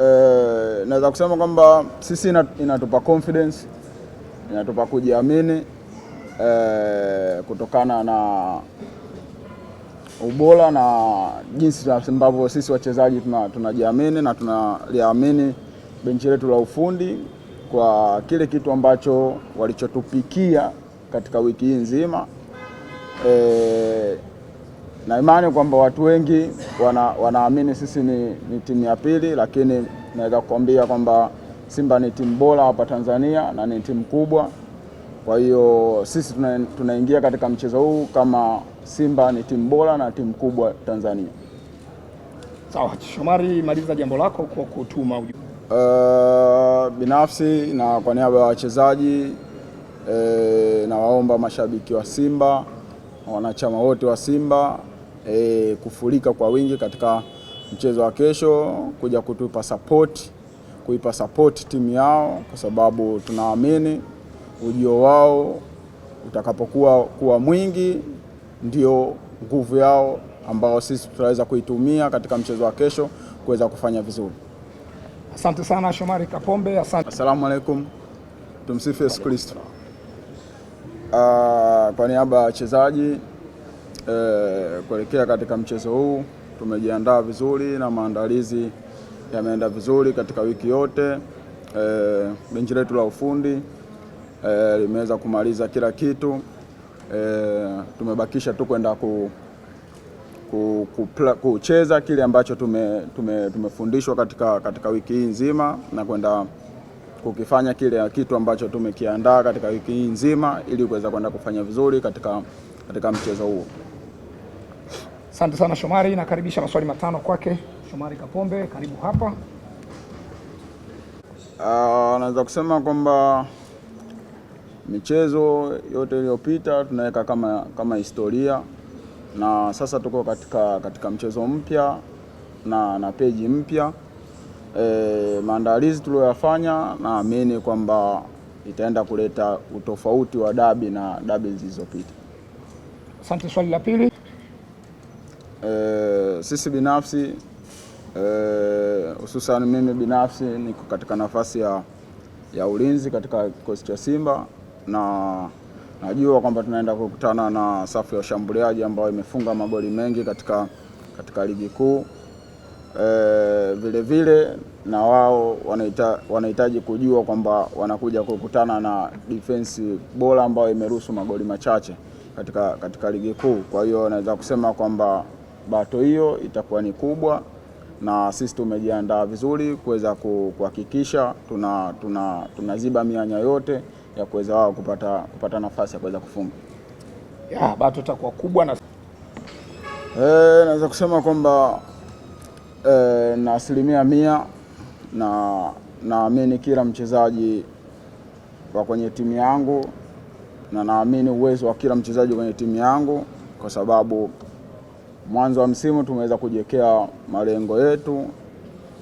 eh, naweza kusema kwamba sisi inatupa confidence, inatupa kujiamini eh, kutokana na ubora na jinsi ambavyo sisi wachezaji tunajiamini tuna na tunaliamini benchi letu la ufundi kwa kile kitu ambacho walichotupikia katika wiki hii nzima eh, na imani kwamba watu wengi wana, wanaamini sisi ni, ni timu ya pili, lakini naweza kukwambia kwamba Simba ni timu bora hapa Tanzania na ni timu kubwa. Kwa hiyo sisi tuna, tunaingia katika mchezo huu kama Simba ni timu bora na timu kubwa Tanzania. Sawa, Shomari, maliza jambo lako kwa kutuma Uh, binafsi na kwa niaba ya wachezaji eh, nawaomba mashabiki wa Simba, wanachama wote wa Simba e, kufurika kwa wingi katika mchezo wa kesho kuja kutupa support, kuipa support timu yao, kwa sababu tunaamini ujio wao utakapokuwa kuwa mwingi ndio nguvu yao ambao sisi tutaweza kuitumia katika mchezo wa kesho kuweza kufanya vizuri. Asante sana Shomari Kapombe, asante. Asalamu alaikum, tumsifu Yesu Kristo. Uh, kwa niaba ya wachezaji e, kuelekea katika mchezo huu tumejiandaa vizuri na maandalizi yameenda vizuri katika wiki yote. E, benchi letu la ufundi e, limeweza kumaliza kila kitu e, tumebakisha tu kwenda ku kucheza ku, ku, kile ambacho tumefundishwa tume, tume katika, katika wiki hii nzima na kwenda kukifanya kile kitu ambacho tumekiandaa katika wiki hii nzima ili kuweza kwenda kufanya vizuri katika, katika mchezo huo. Asante sana Shomari, nakaribisha maswali matano kwake. Shomari Kapombe, karibu hapa. Uh, naweza kusema kwamba michezo yote iliyopita tunaweka kama, kama historia na sasa tuko katika, katika mchezo mpya na, na peji mpya e, maandalizi tuliyoyafanya naamini kwamba itaenda kuleta utofauti wa dabi na dabi zilizopita. Asante. Swali la pili. Eh, sisi binafsi eh, hususan e, mimi binafsi niko katika nafasi ya, ya ulinzi katika kikosi cha Simba na najua kwamba tunaenda kukutana na safu ya washambuliaji ambayo imefunga magoli mengi katika, katika ligi kuu e, vile vile na wao wanahitaji wanaita kujua kwamba wanakuja kukutana na defense bora ambayo imeruhusu magoli machache katika, katika ligi kuu. Kwa hiyo naweza kusema kwamba bato hiyo itakuwa ni kubwa, na sisi tumejiandaa vizuri kuweza kuhakikisha tunaziba tuna, tunaziba mianya yote ya kuweza wao kupata, kupata nafasi ya kuweza kufunga ya, bato itakuwa kubwa na... E, naweza kusema kwamba e, na asilimia mia na naamini kila mchezaji wa kwenye timu yangu na naamini uwezo wa kila mchezaji kwenye timu yangu kwa sababu mwanzo wa msimu tumeweza kujiwekea malengo yetu,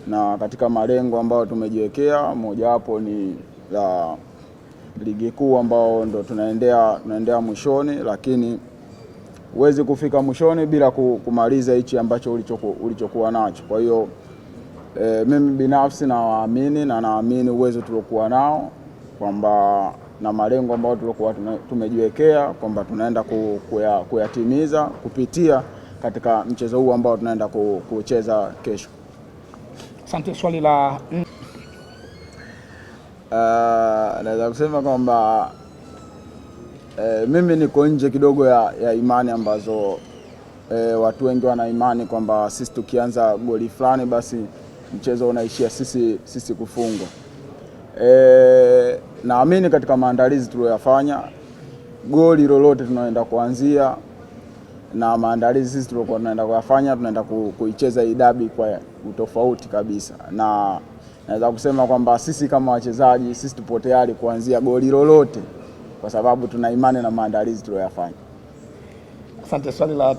na katika malengo ambayo tumejiwekea mojawapo ni la ligi kuu ambao ndo tunaendea, tunaendea mwishoni, lakini huwezi kufika mwishoni bila kumaliza hichi ambacho ulichoku, ulichokuwa nacho. Kwa hiyo e, mimi binafsi nawaamini na naamini uwezo tuliokuwa nao kwamba na malengo ambayo tulikuwa tumejiwekea kwamba tunaenda kuyatimiza kupitia katika mchezo huu ambao tunaenda kucheza kesho. Asante. Swali la uh, naweza kusema kwamba uh, mimi niko nje kidogo ya, ya imani ambazo eh, watu wengi wana imani kwamba sisi tukianza goli fulani basi mchezo unaishia sisi, sisi kufungwa. E, naamini katika maandalizi tuliyoyafanya, goli lolote tunaenda kuanzia na maandalizi sisi tulikuwa tunaenda kuyafanya, tunaenda kuicheza hii dabi kwa utofauti kabisa, na naweza kusema kwamba sisi kama wachezaji sisi tupo tayari kuanzia goli lolote, kwa sababu tuna imani na maandalizi tuliyoyafanya. Asante. Swali la